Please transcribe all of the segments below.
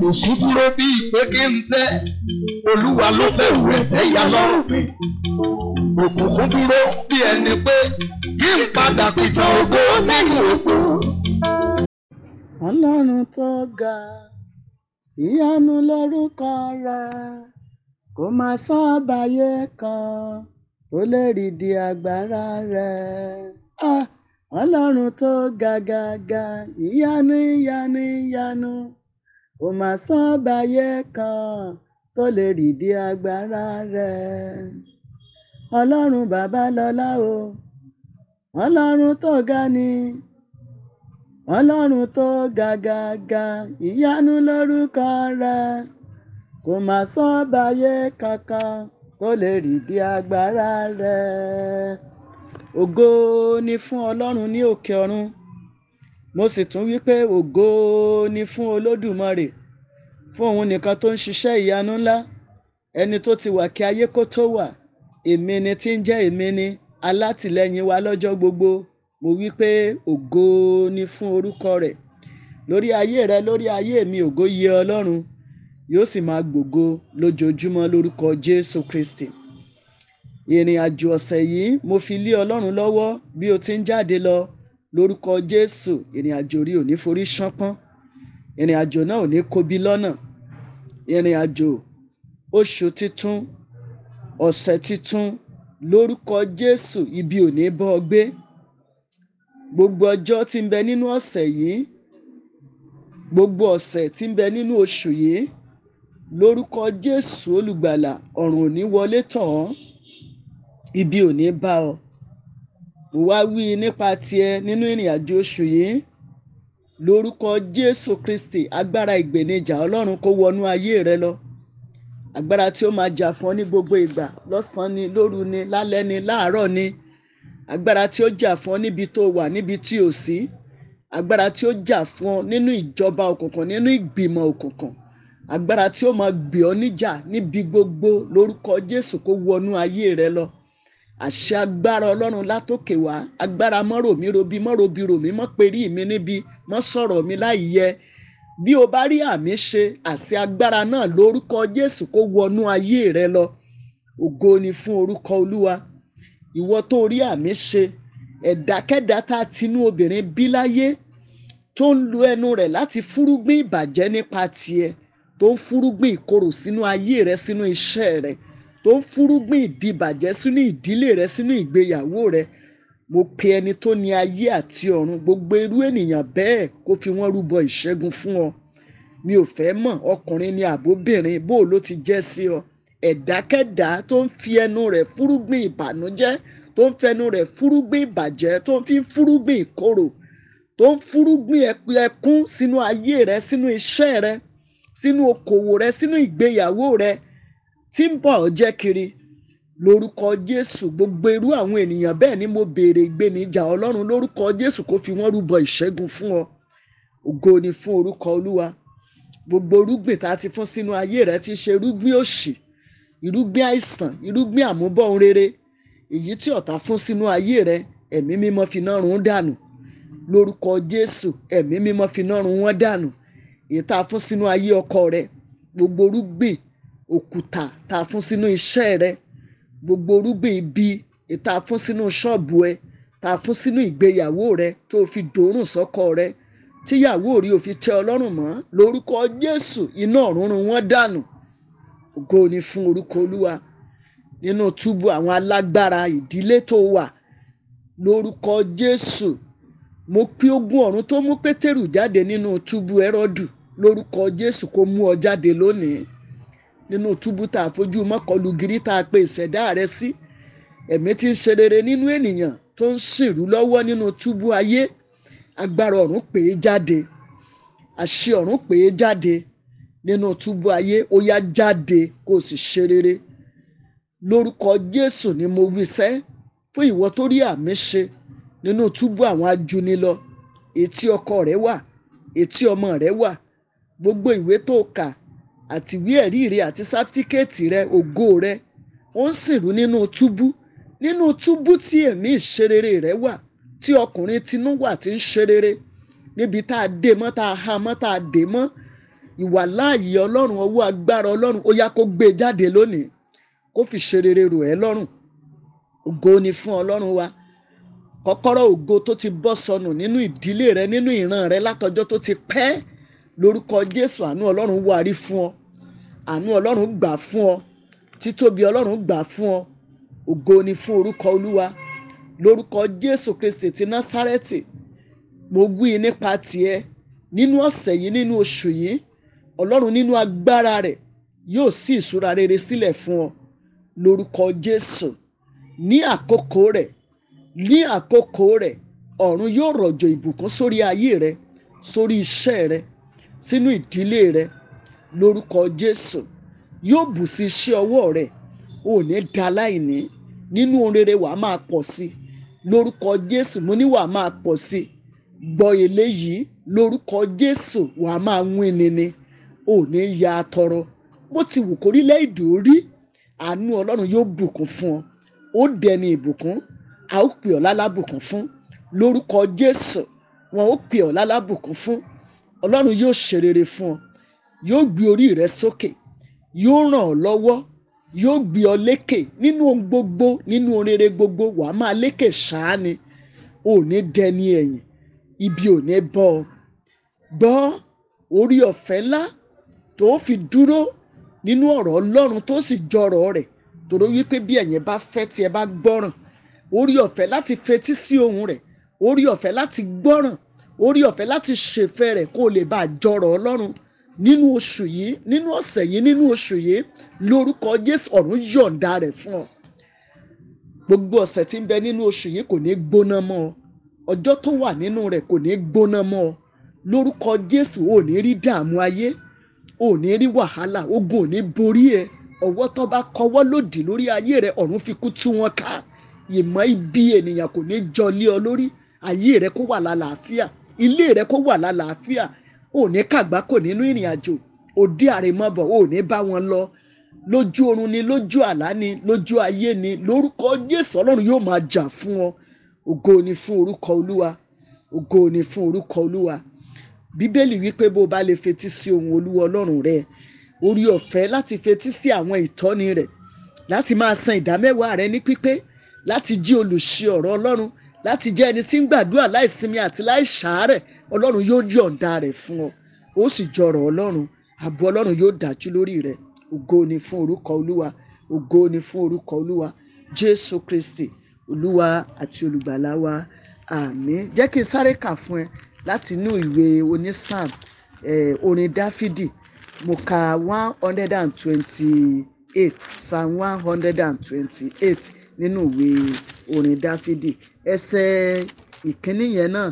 kò sí dúró bí ìpè kí n tẹ́ olúwa ló fẹ́ wù ẹ̀tẹ́ ìyá lọ́rùn mi òkùnkùn dúró bí ẹni pé kí n padà pìtàn ògo nínú òkú. ọlọ́run tó ga ìyanu lórúkọ rẹ̀ kò máa sábàáyé kan tó lè rídìí agbára rẹ̀. ọlọ́run tó ga ga ga ìyanu ìyanu ìyanu kò mà sọbàyé kan tó lè rídìí agbára rẹ ọlọ́run bàbá lọ́lá o ọlọ́run tó ga ni ọlọ́run tó ga ga ga ìyanu lórúkọ rẹ kò mà sọbàyé kankan tó lè rídìí agbára rẹ ògo ni fún ọlọ́run ní òkè ọ̀run mo sì tún wí pé ògo ni fún olódùmarè fún òun nìkan tó ń ṣiṣẹ́ ìyanu ńlá ẹni tó ti wà kí ayé kó tó wà èmi ni tí ń jẹ́ èmi ni alátìlẹ́yìn wa lọ́jọ́ gbogbo mo wí pé ògo ni fún orúkọ rẹ̀ lórí ayé rẹ lórí ayé mi ògo yẹ Ọlọ́run yóò sì máa gbògo lójoojúmọ́ lórúkọ Jésù Kristi ìrìn àjò ọ̀sẹ̀ yìí mo fi lé Ọlọ́run lọ́wọ́ bí o ti ń jáde lọ lórúkọ jésù ìrìn àjò rí ò ní forí ṣánpọ́n ìrìn àjò náà ò ní kobi lọ́nà ìrìn àjò oṣù titun ọ̀sẹ̀ titun lórúkọ jésù ibi ò ní bọ́ ọ gbé gbogbo ọjọ́ tí ń bẹ nínú ọ̀sẹ̀ yìí gbogbo ọ̀sẹ̀ tí ń bẹ nínú oṣù yìí lórúkọ jésù olùgbàlà ọ̀run ò wọlé tọ̀ ọ́ ibi ò bá ọ ìwáwí nípa tiẹ̀ nínú ìrìn àjò oṣù yìí lórúkọ Jésù Kristi agbára ìgbènijà Ọlọ́run kó wọnú ayé rẹ lọ agbára tí ó máa jà fún ọ ní gbogbo ìgbà lọ́sàn ni lóru ni lálẹ́ ni láàárọ̀ ni agbára tí ó jà fún ọ níbi tó wà níbi tí ò sí agbára tí ó jà fún ọ nínú ìjọba òkùnkùn nínú ìgbìmọ̀ òkùnkùn agbára tí ó máa gbè ọ níjà níbi gbogbo lórúkọ Jésù kó wọnú ayé rẹ lọ àṣẹ agbára ọlọ́run látòkè wá agbára mọ́ròmí robí mọ́ròbí ròmí mọ́ perí mi níbi mọ́ sọ̀rọ̀ mi láì yẹ bí o bá rí àmì ṣe àṣẹ agbára náà lórúkọ Jésù kó wọnú ayé rẹ lọ ògo ni fún orúkọ Olúwa ìwọ tó rí àmì ṣe ẹ̀dákẹ́dá tá a tinú obìnrin bí láyé tó ń lu ẹnu rẹ̀ láti fúrúgbìn ìbàjẹ́ nípa tiẹ̀ tó ń fúrúgbìn ìkorò sínú ayé rẹ sínú iṣẹ́ rẹ̀ tó ń fúrúgbìn ìdìbàjẹ́ sínú ìdílé rẹ sínú ìgbéyàwó rẹ mo pe ẹni tó ní ayé àti ọ̀run gbogbo irú ènìyàn bẹ́ẹ̀ kó fi wọ́n rúbọ ìṣẹ́gun fún ọ mi ò fẹ́ mọ̀ ọkùnrin ni àbóbìnrin bó ló ti jẹ́ sí ọ ẹ̀dákẹ́dá tó ń fi ẹnu rẹ̀ fúrúgbìn ìbànújẹ́ tó ń fẹnu rẹ̀ fúrúgbìn ìbàjẹ́ tó ń fi fúrúgbìn ìkorò tó ń fúrúgbìn ẹkún sínú ayé rẹ sínú iṣẹ́ rẹ sínú okòwò rẹ sínú ìgbéyàwó rẹ tí ń bọ̀ jẹ́ kiri lórúkọ Jésù gbogbo irú àwọn ènìyàn bẹ́ẹ̀ ni mo béèrè ìgbénijà Ọlọ́run lórúkọ Jésù kó fi wọ́n rúbọ ìṣẹ́gun fún ọ ògo ni fún orúkọ Olúwa gbogbo irúgbìn tá a ti fún sínú ayé rẹ ti ṣe irúgbìn òṣì irúgbìn àìsàn irúgbìn àmúbọ̀n rere èyí tí ọ̀tá fún sínú ayé rẹ ẹ̀mí mímọ́ fi náà run dànù lórúkọ Jésù ẹ̀mí mímọ́ fi náà run wọ́n dànù èyí tá a fún sínú ayé ọkọ rẹ gbogbo irúgbìn òkúta tá a fún sínú iṣẹ́ rẹ gbogbo orúgbìn ibi tá a fún sínú ṣọ́ọ̀bù ẹ tá a fún sínú ìgbéyàwó rẹ tó fi dòórùn sọ́kọ rẹ tíyàwó rí o fi tẹ ọlọ́run mọ́ lórúkọ Jésù iná ọ̀rúnrún wọn dànù ògo ni fún orúkọ Olúwa nínú túbú àwọn alágbára ìdílé tó wà lórúkọ Jésù mo pín ogun ọ̀run tó mú Pétérù jáde nínú túbú Hẹ́rọ́dù lórúkọ Jésù kó mú ọ jáde lónìí nínú túbú tá a fojú mọ́kọlù gírí tá a pe ìṣẹ̀dá rẹ sí ẹ̀mí tí ń ṣe rere nínú ènìyàn tó ń sìnrú lọ́wọ́ nínú túbú ayé agbára ọ̀run pè é jáde àṣẹ ọ̀run pè é jáde nínú túbú ayé ó yá jáde kó o sì ṣe lórúkọ Jésù ni mo wí sẹ́ fún ìwọ tó rí àmì ṣe nínú túbú àwọn ajuni etí ọkọ rẹ wà etí ọmọ rẹ wà gbogbo ìwé tó kà àtiwé ẹ̀rí rẹ àti sátífíkẹ́ẹ̀tì rẹ ògo rẹ ó ń sìnrú nínú túbú nínú túbú tí ẹ̀mí ìṣerere rẹ wà tí ọkùnrin tinú wà tí ń ṣerere níbi tá a dé mọ́ tá a há mọ́ tá a dé mọ́ ìwà láàyè ọlọ́run ọwọ́ agbára ọlọ́run ó yá kó gbé e jáde lónìí kó fi ṣerere rò ẹ́ lọ́rùn ògo ni fún ọlọ́run wa kọ́kọ́rọ́ ògo tó ti bọ́ sọnù nínú ìdílé rẹ nínú ìran rẹ látọjọ́ tó ti pẹ́ lórúkọ jésù àánú ọlọ́run wárí fún ọ àánú ọlọ́run gbà fún ọ títóbi ọlọ́run gbà fún ọ ògo ni fún orúkọ olúwa lórúkọ jésù kristi ti násárẹ́tì mo wí nípa tiẹ̀ nínú ọ̀sẹ̀ yìí nínú oṣù yìí ọlọ́run nínú agbára rẹ̀ yóò sí ìṣúra rere sílẹ̀ fún ọ lórúkọ jésù ní àkókò rẹ̀ ní àkókò rẹ̀ ọ̀run yóò rọ̀jò ìbùkún sórí ayé rẹ sórí iṣẹ́ rẹ sínú ìdílé rẹ lórúkọ Jésù yóò bù sí iṣẹ́ ọwọ́ rẹ ò ní da aláìní nínú ohun rere wàá máa pọ̀ sí lórúkọ Jésù mo ní wàá máa pọ̀ sí gbọ́ eléyìí lórúkọ Jésù wàá máa wín ni ni ò ní ya atọrọ bó ti wù kórílẹ̀ èdè orí àánú Ọlọ́run yóò bùkún fún ọ ó dẹni ìbùkún a ó pè ọ́ lálábùkún fún lórúkọ Jésù wọn ó pè ọ́ lálábùkún fún ọlọ́run yóò ṣe rere fún ọ yóò gbé orí rẹ sókè yóò ràn ọ́ lọ́wọ́ yóò gbé ọ lékè nínú ohun gbogbo nínú rere gbogbo wàá máa lékè ṣáá ni ò ní dẹni ẹ̀yìn ibi ò ní bọ́ ọ gbọ́ orí ọ̀fẹ́ ńlá tó fi dúró nínú ọ̀rọ̀ ọlọ́run tó sì jọrọ̀ rẹ̀ tòró wípé bí ẹ̀yin bá fẹ́ tí ẹ bá gbọ́ràn orí ọ̀fẹ́ láti fetí sí ohùn rẹ̀ orí ọ̀fẹ́ láti gbọ́ràn orí ọ̀fẹ́ láti ṣèfẹ́ rẹ̀ kó lè bá jọrọ̀ ọlọ́run nínú oṣù yìí nínú ọ̀sẹ̀ yìí nínú oṣù yìí lórúkọ Jésù ọ̀run yọ̀ǹda rẹ̀ fún ọ gbogbo ọ̀sẹ̀ tí ń bẹ nínú oṣù yìí kò ní gbóná mọ́ ọ ọjọ́ tó wà nínú rẹ̀ kò ní gbóná mọ́ ọ lórúkọ Jésù ò ní rí dààmú ayé ò ní rí wàhálà ogun ò ní borí ẹ ọwọ́ tó bá kọwọ́ lòdì lórí ayé rẹ ọ̀run fi kú tú wọn ká ìmọ̀ ibi ènìyàn kò ní jọlé ọ lórí ayé rẹ kó wà lálàáfíà ilé rẹ kó wà lálàáfíà ò ní kàgbákò nínú ìrìn àjò òdí àrèmọ́bọ̀ ò bá wọn lọ lójú oorun ni lójú àlá ni lójú ayé ni lórúkọ Jésù Ọlọ́run yóò máa jà fún ọ ògo ni fún orúkọ Olúwa ògo ni fún orúkọ Olúwa Bíbélì wípé bó o bá lè fetí sí ohùn Olúwa Ọlọ́run rẹ orí ọ̀fẹ́ láti fetí sí àwọn ìtọ́ni rẹ̀ láti máa san ìdámẹ́wàá rẹ ní pípé láti jí olùṣe ọ̀rọ̀ Ọlọ́run láti jẹ́ ẹni tí ń gbàdúrà láìsinmi àti láìsàárẹ̀ ọlọ́run yóò yọ̀ǹda rẹ̀ fún ọ ó sì jọrọ̀ ọlọ́run ààbò ọlọ́run yóò dájú lórí rẹ̀ ògo ni fún orúkọ olúwa ògo ni fún orúkọ olúwa jésù kristi olúwa àti olùgbàlà wa àmín jẹ́ kí n sáré kà fún ẹ láti inú ìwé onísàm eh, orin dáfídì mo ka one hundred and twenty-eight psalm one hundred and twenty-eight nínú ìwé orin dáfídì ẹsẹ ìkíní yẹn náà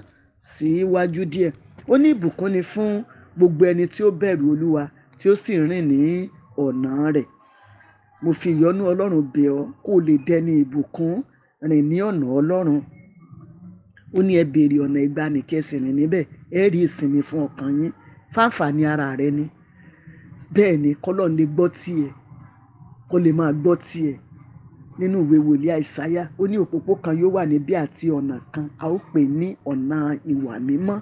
sí iwájú díẹ̀ ó ní ìbùkún ni fún gbogbo ẹni tí ó bẹ̀rù olúwa tí ó sì rìn ní ọ̀nà rẹ̀ mo fi ìyọ́nú ọlọ́run bẹ̀ ọ́ kó o lè dẹni ìbùkún rìn ní ọ̀nà ọlọ́run ó ní ẹ béèrè ọ̀nà ìgbani kẹsì rìn níbẹ̀ ẹ rí ìsinmi fún ọkàn yín fáǹfààní ara rẹ ni bẹ́ẹ̀ ni kọ́lọ́n lè gbọ́ tiẹ̀ kó lè máa gbọ́ tiẹ̀ nínú ìwé wòlíì àìsáyà ó ní òpópó kan yóò wà níbí àti ọ̀nà kan a ó pè ní ọ̀nà ìwà mímọ́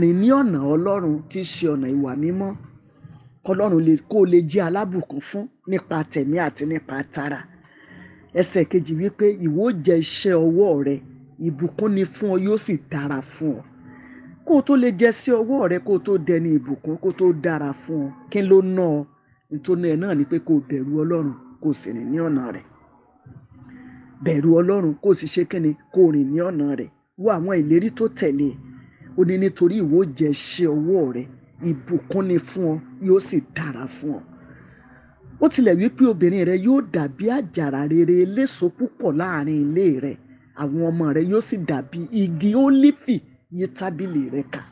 rìn ní ọ̀nà ọlọ́run tí í ṣe ọ̀nà ìwà mímọ́ kọlọ́run kó o lè jẹ́ alábùkún fún nípa tẹ̀mí àti nípa tara ẹsẹ̀ kejì wípé ìwọ jẹ iṣẹ́ ọwọ́ rẹ ìbùkún ni fún ọ yóò sì dára fún ọ kó o tó lè jẹ sí ọwọ́ rẹ kó o tó dẹni ìbùkún kó o tó dára fún ọ kí ló ná ọ nítorí náà ni pé kó o bẹ̀rù ọlọ́run kó o sì rìn ní ọ̀nà rẹ̀ bẹ̀rù ọlọ́run kó o sì ṣe kíni kó o rìn ní ọ̀nà rẹ̀ wo àwọn ìlérí tó tẹ̀lé e. ó ní nítorí ìwọ jẹ́ iṣẹ́ ọwọ́ rẹ ìbùkún ni fún ọ yóò sì dára fún ọ ó tilẹ̀ wí pé obìnrin rẹ yóò dàbí àjàrà rere eléso púpọ̀ láàrin ilé rẹ àwọn ọmọ rẹ yóò sì dàbí igi ólífì yí tábìlì rẹ kà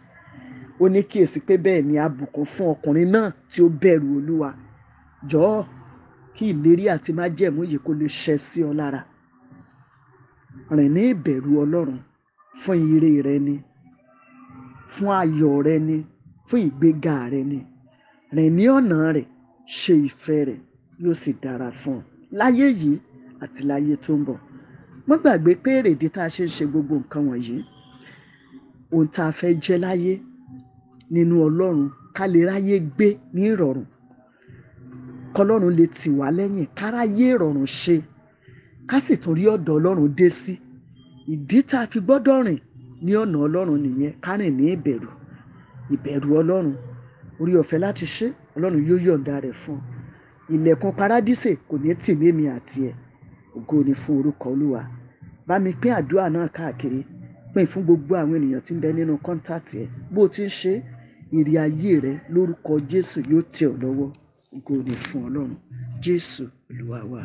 ó ní kíyèsí pé bẹ́ẹ̀ ni àbùkún fún ọkùnrin náà tí ó bẹ̀rù olúwa jọ̀ọ́ kí ìlérí àti májẹ̀mú yìí kó lè ṣẹ sí ọ lára rìn ní ìbẹ̀rù ọlọ́run fún ire rẹ ni fún ayọ̀ rẹ ni fún ìgbéga rẹ ni rìn ní ọ̀nà rẹ̀ ṣe ìfẹ́ rẹ̀ yóò sì dára fún ọ láyé yìí àti láyé tó ń bọ̀ má gbàgbé pé èrèdí tá a ṣe ń ṣe gbogbo nǹkan wọ̀nyí ohun tá a fẹ́ jẹ́ láyé nínú ọlọ́run ká lè ráyé gbé ní ìrọ̀rùn kọlọ́run lè tì wá lẹ́yìn káráyé ìrọ̀rùn ṣe ká sì tún rí ọ̀dọ̀ ọlọ́run dé sí ìdí tá a fi gbọ́dọ̀ rìn ní ọ̀nà ọlọ́run nìyẹn ká rìn ní ìbẹ̀rù ìbẹ̀rù ọlọ́run orí ọ̀fẹ́ láti ṣe ọlọ́run yóò yọ̀ǹda rẹ̀ fún ọ ilẹ̀kùn paradíṣe kò ní tì mí mi àti ẹ̀ ògo ni fún orúkọ olúwa bá mi pín àdúrà náà káàkiri pín fún gbogbo àwọn ènìyàn tí ń bẹ nínú kọ́ńtàtì ẹ bó o ti ń ṣe èrè ayé rẹ lórúkọ jésù yóò tẹ ọ lọ́wọ́ ògo ni fún ọlọ́run jésù olúwa wa.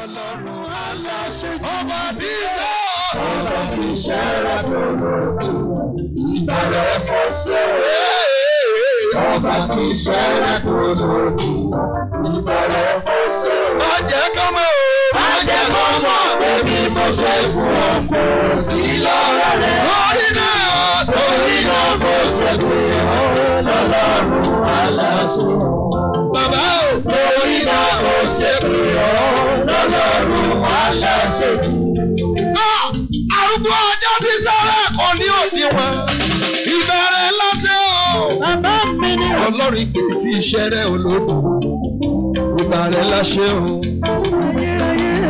Ọlọ́run aláṣẹ ọba tí ṣe ọba tí ṣe rẹ̀ bẹ̀rẹ̀ tó ìbẹ̀rẹ̀ fẹsẹ̀ ọba tí ṣe rẹ̀ bẹ̀rẹ̀ tó ìbẹ̀rẹ̀ fẹsẹ̀. Má jẹ́ kọ́ mọ́ o. Má jẹ́ kọ́ mọ́ bẹ́ẹ̀ bí mo ṣe fún ọkùnrin sí lọ́rọ̀ rẹ̀. Orí náà. ìgbà rẹ la ṣe o.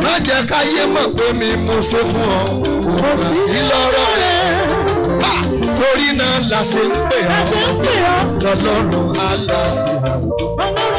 má jẹ́ káyé mọ̀ pé mi mo ṣe fún ọ kò sí lọ́rọ̀ rẹ torí náà la ṣe ń pè ọ́ lọ́lọ́run aláṣẹ.